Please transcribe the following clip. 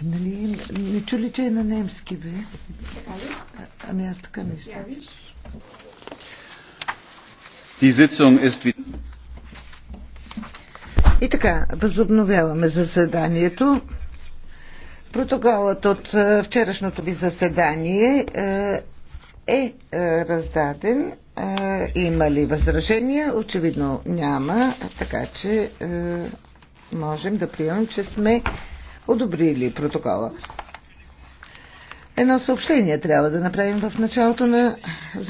Ами, нали, не чули, че е на немски, бе? А, ами аз така мисля. И така, възобновяваме заседанието. Протоколът от е, вчерашното ви заседание е, е, е раздаден. Има ли възражения? Очевидно няма, така че можем да приемем, че сме одобрили протокола. Едно съобщение трябва да направим в началото на